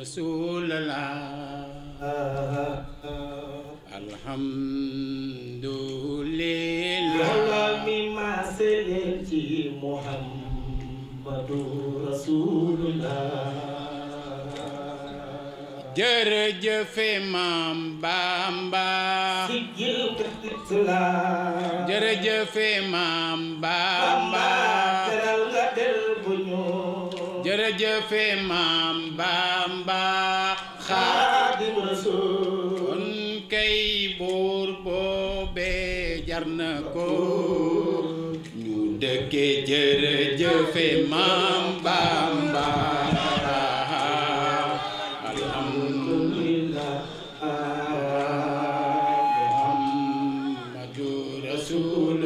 رسول الله الحمد لله مما سلمتي محمد رسول الله jërëjëf maam Bamba jërëjëf maam Bamba jëfe maam Bamba Xaadimu Rasuul kon kay buur boobee jar na ko ñu dëkke jërëjëfe maam Bamba alhamdulillah Muhammadu Rasuul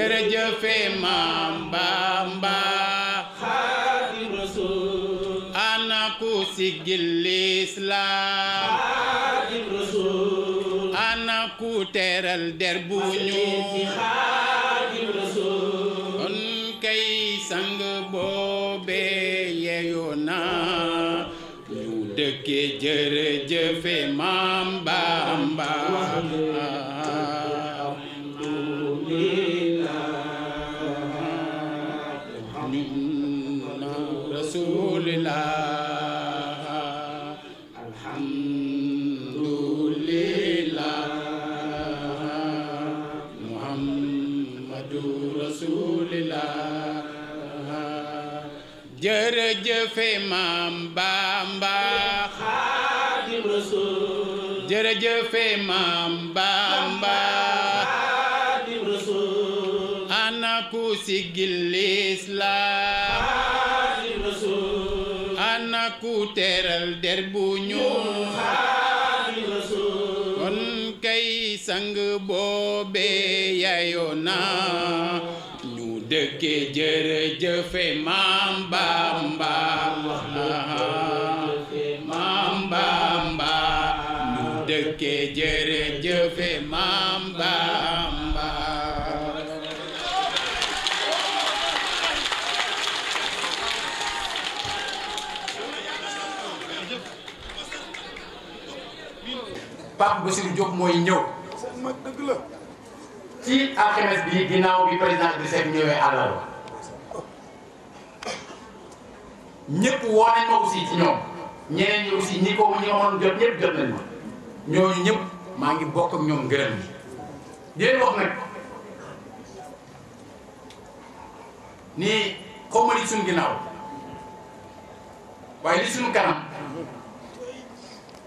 jërëjëfe maam Bamba Xaadimu Rasuul ana ku siggil lislaam Rasuul ana teral der bu ñuul Xaadimu Rasuul kon kay sang boobe yeyo na ñu dëkke jërëjëfe maam Bamba rasulillah jërëjëf maam Bamba xaadim rasul jërëjëf maam Bamba ana ku sigil teral der bu ñuul sang boobe yayoon na ñu dëkke jërëjëfe maam Bamba dëkke jërëjëfe maam Bamba Pape Bassirou Diop mooy ñëw ci alxames bi ginnaaw bi président bi Seck ñëwee àllarba ñëpp woo nañ ma aussi ci ñoom ñeneen ñi aussi ñi ko ñi nga mënoon jot ñëpp jot nañ ma ñooñu ñëpp maa ngi bokk ak ñoom ngërëm bi déen wax nag nii xaw ma li suñ waaye li suñ kanam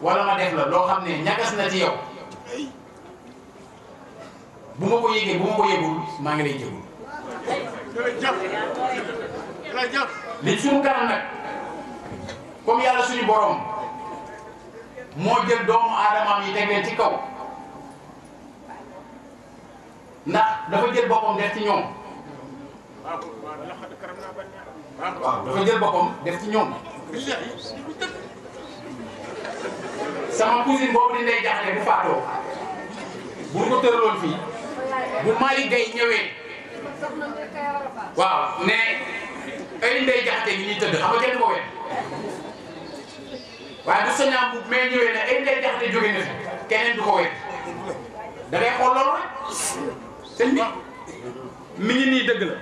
wala ma def la loo xam ne ñagas na ci yow bu ma ko yëgee bu ma ko yëgul maa ngi lay jégul li suñu kanam nag comme yàlla suñu borom moo jël doomu aadamaam yi teg leen ci kaw ndax dafa jël boppam def ci ñoom waaw dafa jël boppam def ci ñoom sama cousine boobu di Ndeye Diakhaté bu faatoo bu ñu ko tëraloon fii bu Malick Gueye ñëwee waaw ne ay Ndeye Diakhaté ñu ñuy tëdd xam nga kenn ko wet waaye bu soñaam bu mais ñëwee ne ay Ndeye Diakhaté jóge na fi keneen du ko wet da ngay loolu rek sëñ bi mi ngi nii dëgg la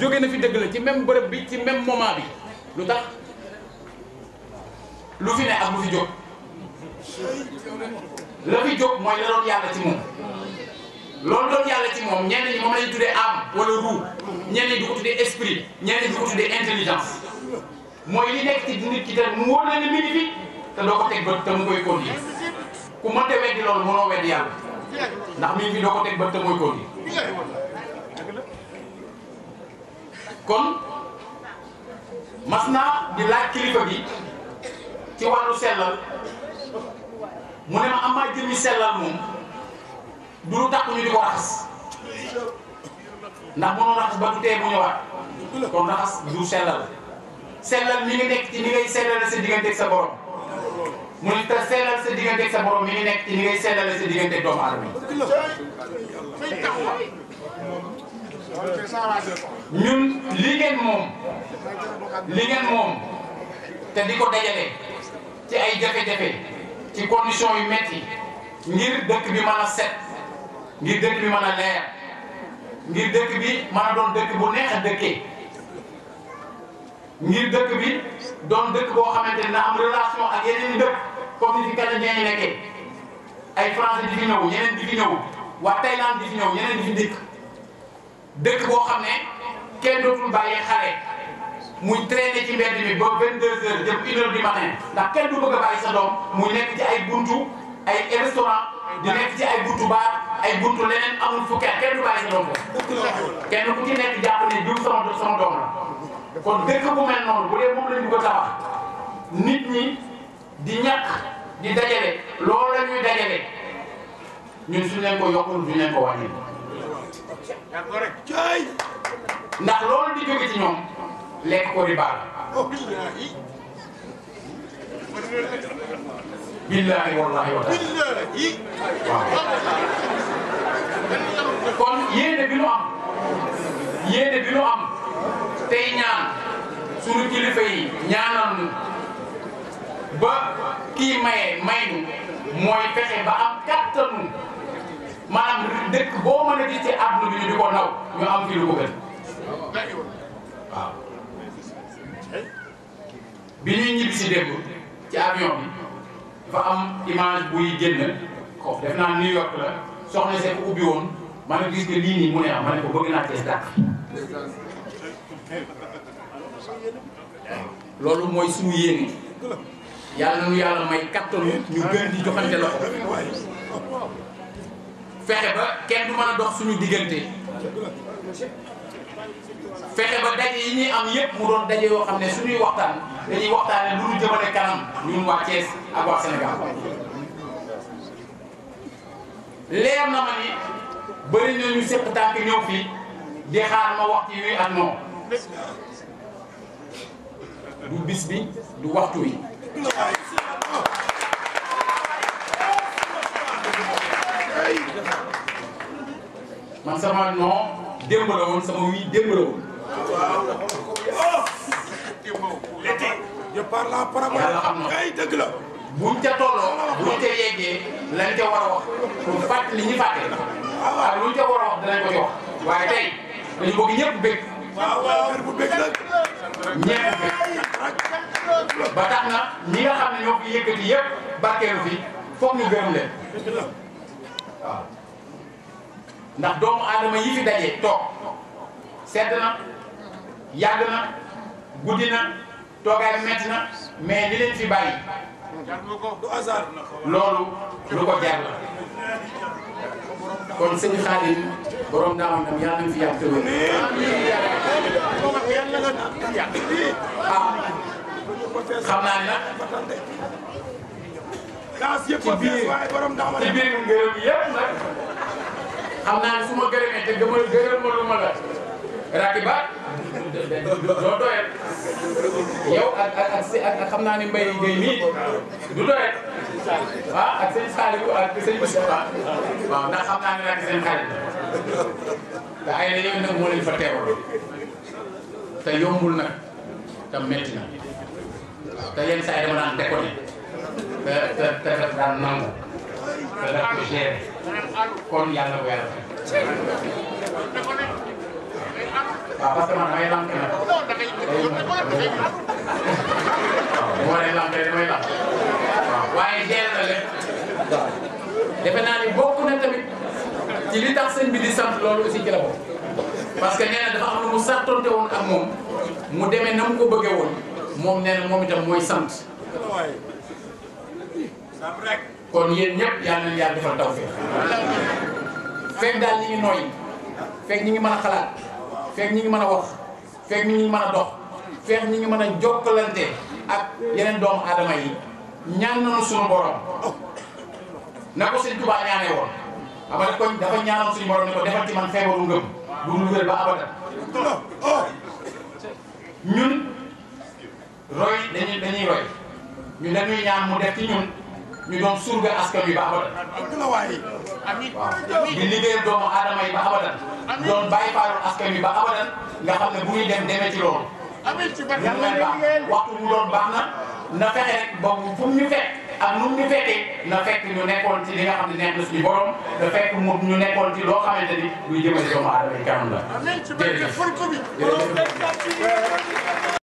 jóge na fi dëgg la ci même bërëb bi ci même moment bi lu tax lu fi ne ak lu fi jóg la fi jóg mooy la doon yàlla ci moom loolu doon yàlla ci moom ñenn ñi moom la ñu tuddee âme wala roue ñenn ñi esprit ñenn ñi du intelligence mooy li nekk ci nit ki te mu wóor la ne mi te doo ko teg bët te mu koy conduire ku mënte weddi loolu mënoo weddi yàlla ndax mi ngi doo ko teg bët te mooy conduire kon mas naa di laaj kilifa bi ci wàllu sellal. mu ne ma am maa jëmmi sellal moom du lu tax ñu di ko raxas ndax mënoo raxas ba du tee bu ñëwaat kon raxas du sellal sellal mi ngi nekk ci ni ngay sellal sa digganteeg sa borom mu ne te sellal sa digganteeg sa borom mi ngi nekk ci ni ngay sellal sa digganteeg doomu aadama ñun li ngeen moom li ngeen moom te di ko dajale ci ay jafe-jafe. ci condition yu metti ngir dëkk bi mën a set ngir dëkk bi mën a neer ngir dëkk bi mën a doon dëkk bu neex a dëkkee ngir dëkk bi doon dëkk boo xamante ne am relation ak yeneen dëkk comme ni fi canadiens yi nekkee ay français di fi ñëw ñeneen di fi ñëw waa Thaïlande di fi ñëw ñeneen di fi dëkk dëkk boo xam ne kenn dootul bàyyee xale. muy traîner ci mbedd bi ba 22h jëm 1h du matin ndax kenn du bëgg a bàyyi sa doom muy nekk ay buntu ay restaurant di nekk ci ay buntu baar ay buntu leneen amul fukki at kenn du bàyyi sa doom ko kenn ku ci nekk jàpp ne jiw sama sama doom la bu la ñu ko tabax nit ñi di ñàkk di dajale loolu la ñuy dajale ñun suñ leen ko yokkul duñ ko wàññi. ndax loolu di jóge ñoom. lekk ko riba billahi wallahi wa kon yéene bi nu am yéene bi nu am tey ñaan sunu kilifa yi ñaanal nu ba kii maye may nu mooy ba am kattanu maanaam dëkk boo mën a gis ci àdduna bi ñu di ko naw ñu am fii lu ko bi ñuy ñibbi si démb ci avion bi dafa am image buy génn ko def naa New York la soxna see ko ubbi woon ma ne gis nga lii nii mu ne am ah, ma ne ko bëgg naa Cees dàq loolu mooy suñu yéene yàlla na ñu yàlla may kattanu ñu gën di joxante loxo fexe ba kenn du mën a dox suñu diggante fexe ba daje yi ñuy am yépp mu doon daje yoo xam ne suñuy waxtaan dañuy waxtaane lu ñu jëmale kanam ñun waa Thiès ak waa Sénégal leer na ma ni bëri na ñu sëq tànk ñëw fii di xaar ma wax ci wii ak non du bis bi du waxtu wi man sama non démb la woon sama wii démb la woon. l'été. je parle en parabole. yàlla xam na ay dëgg la. buñ ca tolloo buñ ca yeggee lañ ca war a wax pour fàttali ñi fàtte. Ah, waaw luñ ca war a wax dinañ ko ci wax. waaye tey dañu bëgg ñëpp ah, ba tax na ñi nga xam ne ñoo fi yëkkati yëpp barkeelu fi foog ñu gërëm leen. waaw. ndax doomu aadama yi fi daje toog sedd na yàgg na guddi na toogaay metti na mais li leen fi bàyyi loolu lu ko jar la kon sëñ Xaadim borom daa am tam yàlla nañ fi yàgg te wér ah xam naa ne xam naa ne su ma gërëmee te gëmal gërëm ma doo doyal yow ak xam naa ne mbay ngay nii du doyal ah xam naa ne rek seen xarit te ay la yow nag moo fa teewal te yombul nag te métti na te yenn saa yi dama daan déconné te te te daan nangu. te daf ko nag day bu naa ni bokk na tamit ci li tax sëñ bi di sant loolu aussi ci la bokk que nee na dafa am lu mu sartonte ak moom mu demee na mu ko bëggee woon moom nee na moom itam mooy sant. kon yéen ñëpp yal nañu yàlla defal tawfeex fekk daal ñi ngi nooy fekk ñi ngi mën a xalaat fekk ñu ngi mën a wax fekk ñu ngi mën a dox fekk ñu ngi mën a jokkalante ak yeneen doomu aadama yi ñaan nañu suñu borom na ko sëñ Tuubaa ñaanee woon xam nga kon dafa ñaanoon suñu borom ne ko defal ci man feebaru ngëm bu mu wér ba abada ñun roy dañuy roy ñu dañuy ñaan mu def ci ñun ñu doon surga askan wi ba abadan. waaw di liggéeyal doomu aadama ba abadan doon bàyyi faaru askan wi ba abadan nga xam ne bu ñuy dem demee ci loolu. yàlla na baax waxtu mu doon baax fekk ak nu na fekk ñu nekkoon ci li nga xam ne neex na suñu borom da fekk mu ñu nekkoon ci loo xamante ni luy jëmale doomu aadama yi kanam